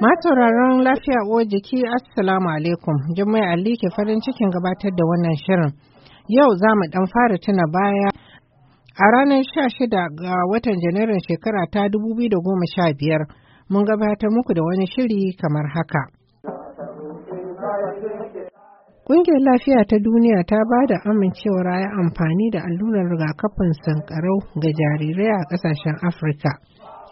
matauraron lafiya uwar jiki Assalamu alaikum Jummai Ali ke farin cikin gabatar da wannan shirin. Yau za mu dan fara tuna baya a ranar 16 ga watan Janairun shekara ta 2015 mun gabatar muku da wani shiri kamar haka. Ƙungiyar lafiya ta duniya ta ba da amincewar ya amfani da allurar rigakafin sankarau ga jarirai a ƙasashen Afirka.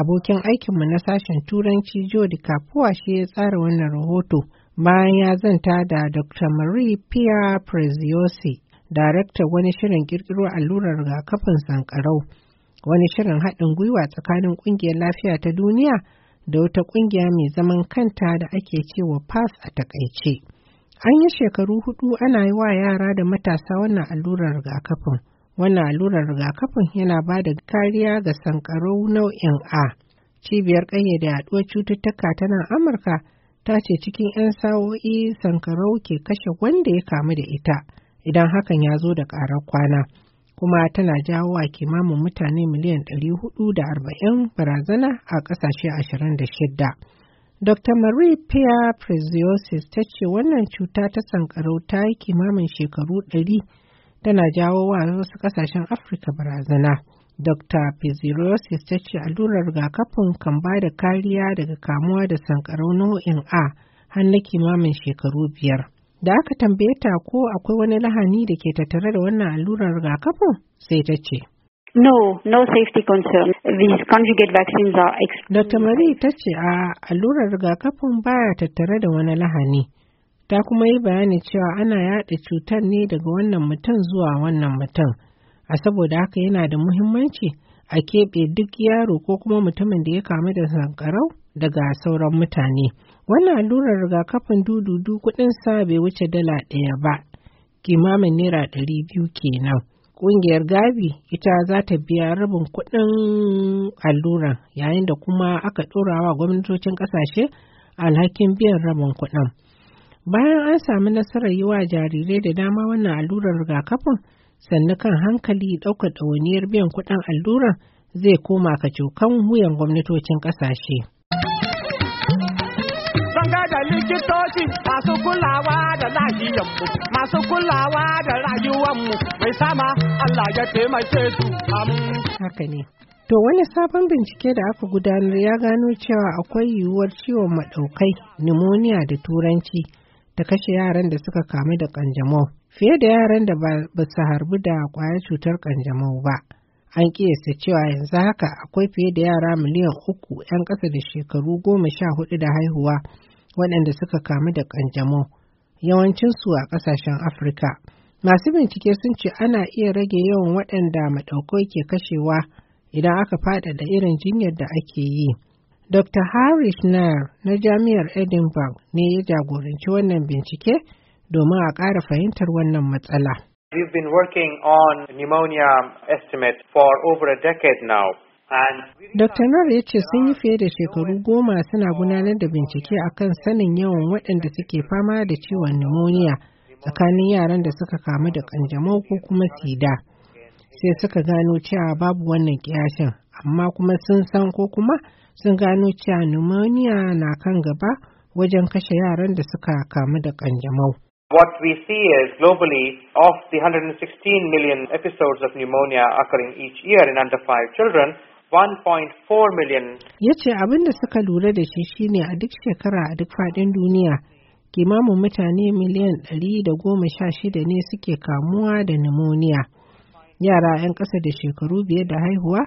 abokin aikinmu na sashen turanci jodi kapuwa shi ya tsara wannan rahoto bayan ya zanta da dr marie pia preziosi daraktar wani shirin kirkiro allurar rigakafin sankarau wani shirin haɗin gwiwa tsakanin ƙungiyar lafiya ta duniya da wata ƙungiya mai zaman kanta da ake cewa pass a takaice an yi shekaru hudu ana yi wa yara da matasa wannan allurar rigakafin Wannan allurar rigakafin yana ba da kariya ga sankarau nau'in A. Cibiyar ƙayyade yaɗuwar cututtuka ta nan Amurka ta ce cikin 'yan sa'o'i sankarau ke kashe wanda ya kamu da ita idan hakan ya zo da ƙarar kwana. Kuma tana jawo a kimanin mutane miliyan 440 barazana a ƙasashe 26. Dr. Marie Pierre Preziosis ta ce wannan cuta ta sankarau ta yi kimamin shekaru ɗari tana jawo wa wasu kasashen Afirka barazana. Dr. Pizzirosis ta ce allurar rigakafin kan ba da kariya daga kamuwa da sankarau nau'in A har na kimamin shekaru biyar. Da aka tambaye ta ko akwai wani lahani da ke tattare da wannan allurar rigakafin sai ta ce. No, no safety concern. These conjugate vaccines are Dr. Marie ta ce a allurar rigakafin baya tattare da wani lahani. ta kuma yi bayani cewa ana yaɗa cutar ne daga wannan mutum zuwa wannan mutum a saboda haka yana da muhimmanci a keɓe duk yaro ko kuma mutumin da ya kamu da sankarau daga sauran mutane wannan allurar rigakafin dududu kuɗin sa bai wuce dala ɗaya ba kimamin naira ɗari biyu kenan ƙungiyar gabi ita za ta biya rabin kuɗin alluran yayin da kuma aka ɗorawa gwamnatocin ƙasashe alhakin biyan rabin kuɗin. Bayan an sami nasarar yi wa jarirai da dama wannan allurar rigakafin, sannu kan hankali ɗaukar ɗawainiyar biyan kuɗin allurar zai koma cokan wuyan gwamnatocin ƙasashe. da likitoci masu kulawa da masu kulawa da mai sama Allah ya taimake su haka ne to wani sabon bincike da aka gudanar ya gano cewa akwai yiwuwar ciwon maɗaukai pneumonia da turanci da kashe yaran da suka kamu da kanjamau fiye da yaran da ba su harbu da kwayar cutar kanjamau ba. An kiyasta cewa yanzu haka akwai fiye da yara miliyan uku 'yan ƙasa da shekaru goma sha hudu da haihuwa waɗanda suka kamu da kanjamau, yawancinsu a ƙasashen Afirka. Masu bincike sun ce ana iya rage yawan waɗanda maɗaukai ke kashewa idan aka faɗaɗa irin jinyar da ake yi. Dr. Harris Nair na Jami'ar Edinburgh ne ya jagoranci wannan bincike domin a ƙara fahimtar wannan matsala. We've been working on pneumonia estimates for over a decade now. Dr. Nar ya ce sun yi fiye da shekaru goma suna gudanar da bincike akan sanin yawan waɗanda suke fama da ciwon pneumonia tsakanin yaran da suka kamu da ƙanjamau ko kuma sida. sai suka gano cewa babu wannan kiyashin amma kuma sun san ko kuma sun gano cewa pneumonia na kan gaba wajen kashe yaran da suka kamu da kanjamau. What we see is globally of the 116 million episodes of pneumonia occurring each year in under five children, 1.4 million. Ya ce abin da suka lura da shi shine a duk shekara a duk faɗin duniya kimamin mutane miliyan 116 ne suke kamuwa da pneumonia. yara 'yan ƙasa da shekaru biyar da haihuwa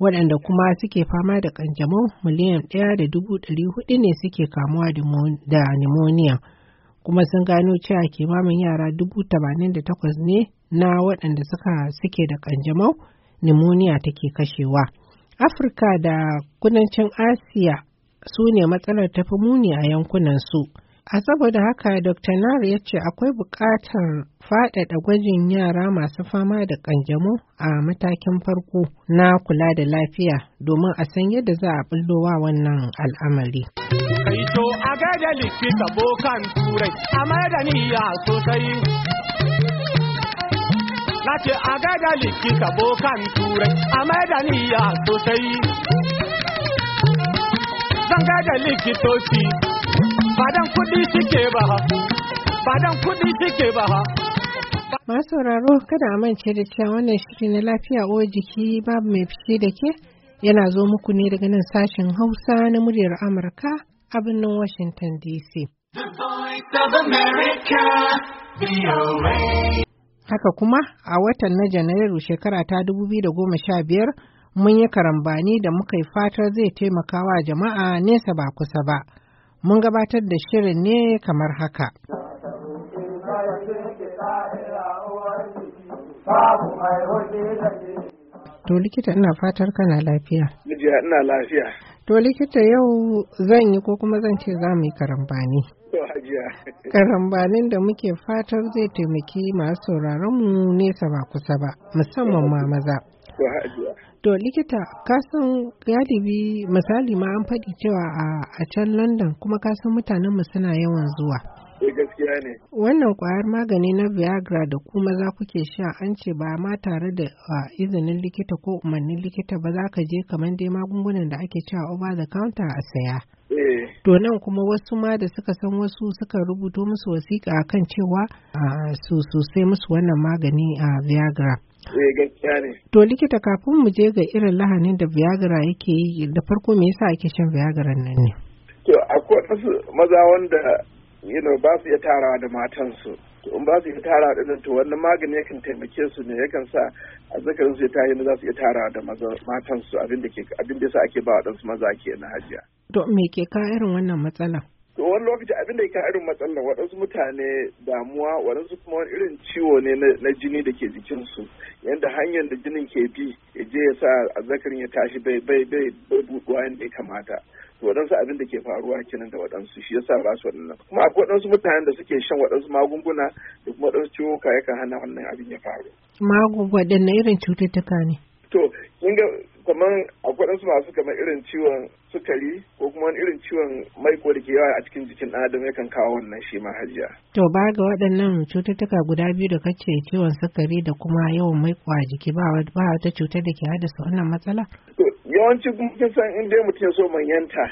waɗanda kuma suke fama da ƙanjamau miliyan ɗaya da dubu ɗari hudu ne suke kamuwa da pneumonia, kuma sun gano cewa kimamin yara dubu tamanin da takwas ne na waɗanda suka suke da ƙanjamau pneumonia take kashewa afirka da kudancin asiya su ne matsalar tafi muni a yankunan su. A saboda haka Dr. Nar ya ce akwai buƙatar faɗaɗa gwajin yara masu fama da ƙanjamau a matakin farko na kula da lafiya domin a san yadda za a ɓullowa wannan al'amari. Kaito gaida likita bokan turai a madaniya sosai. Nace sosai. Zan gada likitoci kuɗi suke ba ha ba dan kuɗi suke ba ha masu sauraro kada a mance da cewa wannan shiri na lafiya uwar jiki babu mai fice da ke yana zo muku ne daga nan sashen hausa na muryar amurka a birnin washington dc haka kuma a watan na janairu shekara ta 2015 mun yi karambani da muka yi fatar zai taimaka wa jama'a nesa ba kusa ba. mun gabatar da shirin ne kamar haka. To likita ina fatar kana lafiya. Mijiya ina lafiya. To likita yau zan yi ko kuma zan ce za mu yi karambani. Karambanin da muke fatar zai taimaki masu mu nesa ba kusa ba, musamman ma maza. To likita kasan galibi misali ma an faɗi cewa a can London kuma kasan mutanen mu suna yawan zuwa. Eh gaskiya ne. Wannan kwayar magani na Viagra da ku maza kuke sha an ce ba ma tare da izinin likita ko umarnin likita ba za ka je kamar dai magungunan da ake cewa over the counter a saya. Eh. To nan kuma wasu ma da suka san wasu suka rubuto musu wasiƙa kan cewa su sosai musu wannan magani a Viagra. Eh, ne. To likita kafin mu je ga irin lahanin da Viagra yake yi da farko me yasa ake shan Viagra nan ne? To akwai wasu maza wanda you know, ba su iya tarawa da matansu. To in ba su iya tarawa da to wannan magani yakan taimake su ne yakan sa azzakarin su ya tayi za su iya tarawa da matansu abin da ke abin da yasa ake ba wa maza kenan hajiya. To me ke ka irin wannan matsalar? to wani lokaci abin da yake irin matsalar waɗansu mutane damuwa waɗansu kuma wani irin ciwo ne na jini da ke jikinsu yadda hanyar da jinin ke bi ya je ya sa azzakarin ya tashi bai bai bai bai buɗuwa yadda ya kamata to waɗansu abin da ke faruwa kenan da waɗansu shi yasa ba su waɗannan kuma akwai waɗansu mutanen da suke shan waɗansu magunguna da kuma waɗansu ciwuka yakan hana wannan abin ya faru. Magungunan irin cututtuka ne. To, kinga kaman akwai ɗansu masu kamar irin ciwon sukari ko kuma wani irin ciwon maiko da ke yawa a cikin jikin ɗan adam yakan kawo wannan shi ma hajiya. To ba ga waɗannan cututtuka guda biyu da kace ciwon sukari da kuma yawan maiko a jiki ba wata cutar da ke haddasa wannan matsala? To yawanci kuma san in dai mutum ya so manyanta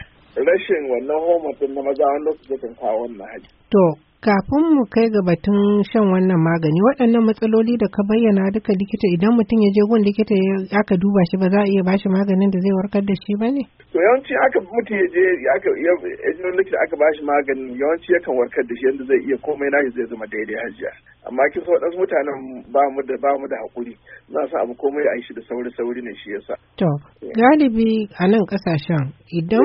rashin wannan hormone na maza wani lokacin kawo wannan hajiya. To Kafin mu kai ga batun shan wannan magani waɗannan matsaloli da ka bayyana duka likita idan mutum ya je gun likita aka duba shi ba za a iya bashi maganin da zai warkar da shi ba ne? To yawanci aka mutum ya je aka likita aka bashi maganin yawanci yakan warkar da shi yadda zai iya komai nashi zai zama daidai hajiya. amma kin so waɗansu mutanen ba mu da ba mu da hakuri za su abu komai a yi shi da sauri sauri ne shi yasa to galibi a nan kasashen idan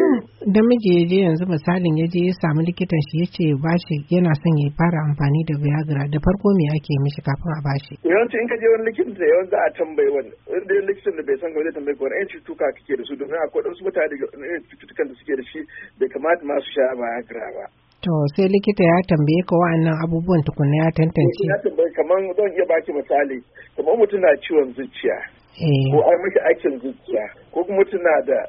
da miji ya je yanzu misalin ya je ya samu likitan shi ya ce ba shi yana son ya fara amfani da viagra da farko me ake mishi kafin a ba shi yawanci in ka je wani likitan da yawan za a tambayi wani wanda likitan da bai san gaba zai tambayi ko wani cutuka kake da su domin akwai wasu mutane da cututtukan da suke da shi bai kamata ma su sha viagra ba To sai likita ya tambaye ka wa'annan abubuwan tukuna ya tantance. Eh, ya tambaye kamar zan iya baki misali kamar mutum na ciwon zuciya. Eh. Ko an miki aikin zuciya ko kuma mutum na da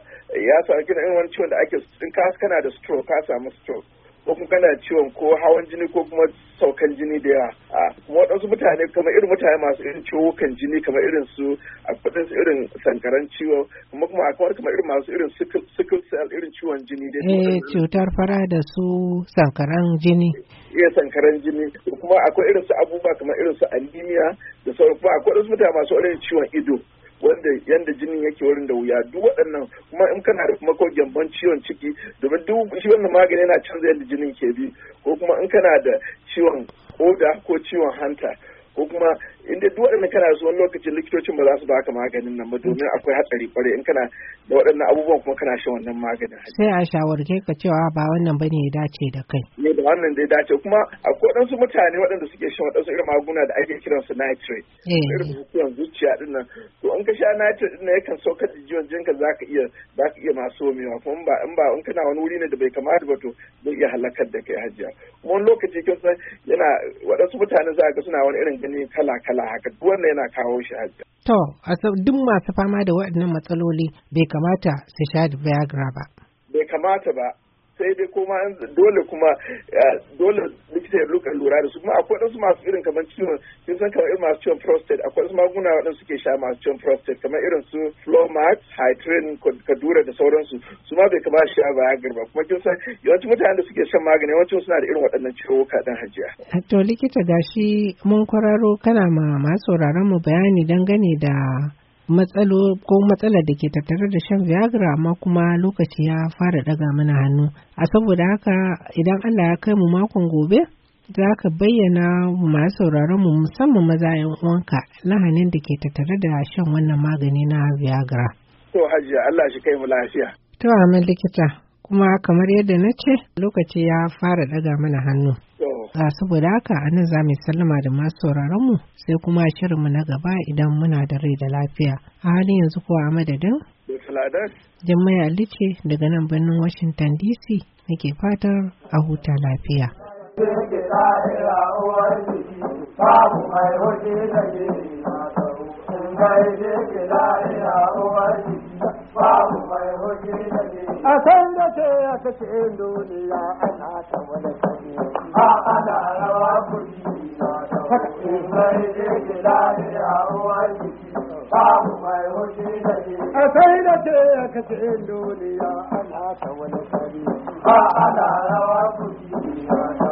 ya samu irin wani ciwon da ake in ka kana da stroke ka samu stroke ko kuma kana ciwon ko hawan jini ko kuma saukan jini da yawa a kuma waɗansu mutane kamar irin mutane masu irin ciwukan jini kamar irin su a kudin su irin sankaran ciwo kuma kuma a kamar irin masu irin sickle cell irin ciwon jini da eh cutar fara da su sankaran jini iya sankaran jini kuma akwai irin su abubuwa kamar irin su anemia da sauran kuma akwai wasu mutane masu irin ciwon ido wanda yanda jinin yake wurin da wuya duk waɗannan kuma in kana da kuma ko gyambon ciwon ciki domin duk shi wannan magani yana canza yadda jinin ke bi ko kuma in kana da ciwon koda ko ciwon hanta ko kuma in duk waɗannan kana su wani lokacin likitocin ba za su baka maganin nan ba domin akwai hatsari kware in kana da waɗannan abubuwan kuma kana shan wannan maganin sai a shawarce ka cewa ba wannan bane ya dace da kai ne da wannan zai dace kuma akwai waɗansu mutane waɗanda suke shan waɗansu irin magunguna da ake kiran su nitrate eh. irin bukukuwan zuciya din nan to in ka sha nitrate din nan yakan saukar da jiwon jinka zaka iya zaka iya masu homewa kuma ba in ba in kana wani wuri ne da bai kamata ba to zai iya halakar da kai hajiya kuma wani lokaci kin san yana waɗansu mutane za ka suna wani irin ganin kala kala kala haka duk yana kawo shi hajji. To, duk masu fama da waɗannan matsaloli bai kamata su sha Viagra ba. Bai kamata ba, sai dai kuma dole kuma eh, dole likita ya luka lura da su kuma akwai wasu masu irin kamar ciwon sun san kamar irin masu ciwon prostate akwai wasu magunguna waɗanda suke sha masu ciwon prostate kamar irin su Flomax, hydrin Kadura da sauransu su ma bai kamata sha Viagra ba kuma kin san yawancin mutanen da suke shan magani yawancin suna da irin waɗannan ciwuka din hajiya. To likita gashi mun kwararo kana ma masu mu bayani dangane da matsalo ko matsalar da ke tattare da shan viagra amma kuma lokaci ya fara daga mana hannu a saboda haka idan allah ya kai mu makon gobe za ka bayyana masu sauraron mu musamman maza yan uwanka lahanin da ke tattare da shan wannan magani na viagra to hajiya allah shi kai mu lafiya to amin likita kuma kamar yadda na ce lokaci ya fara daga mana hannu to A saboda haka a nan za mu sallama da masu sauraron mu sai kuma shirin mu na gaba idan muna da rai da lafiya. A halin yanzu kuwa a madadin? Jummai Ali daga nan birnin Washington DC nake fatar a huta lafiya. Babu mai a san da ce ya kace duniya ana ta wani kare a ana rawa kuri na da wani mai jirgi lari a ruwan jiki babu mai hoshi da ne a sai da ce ya kace duniya ana ta wani kare a ana rawa kuri na da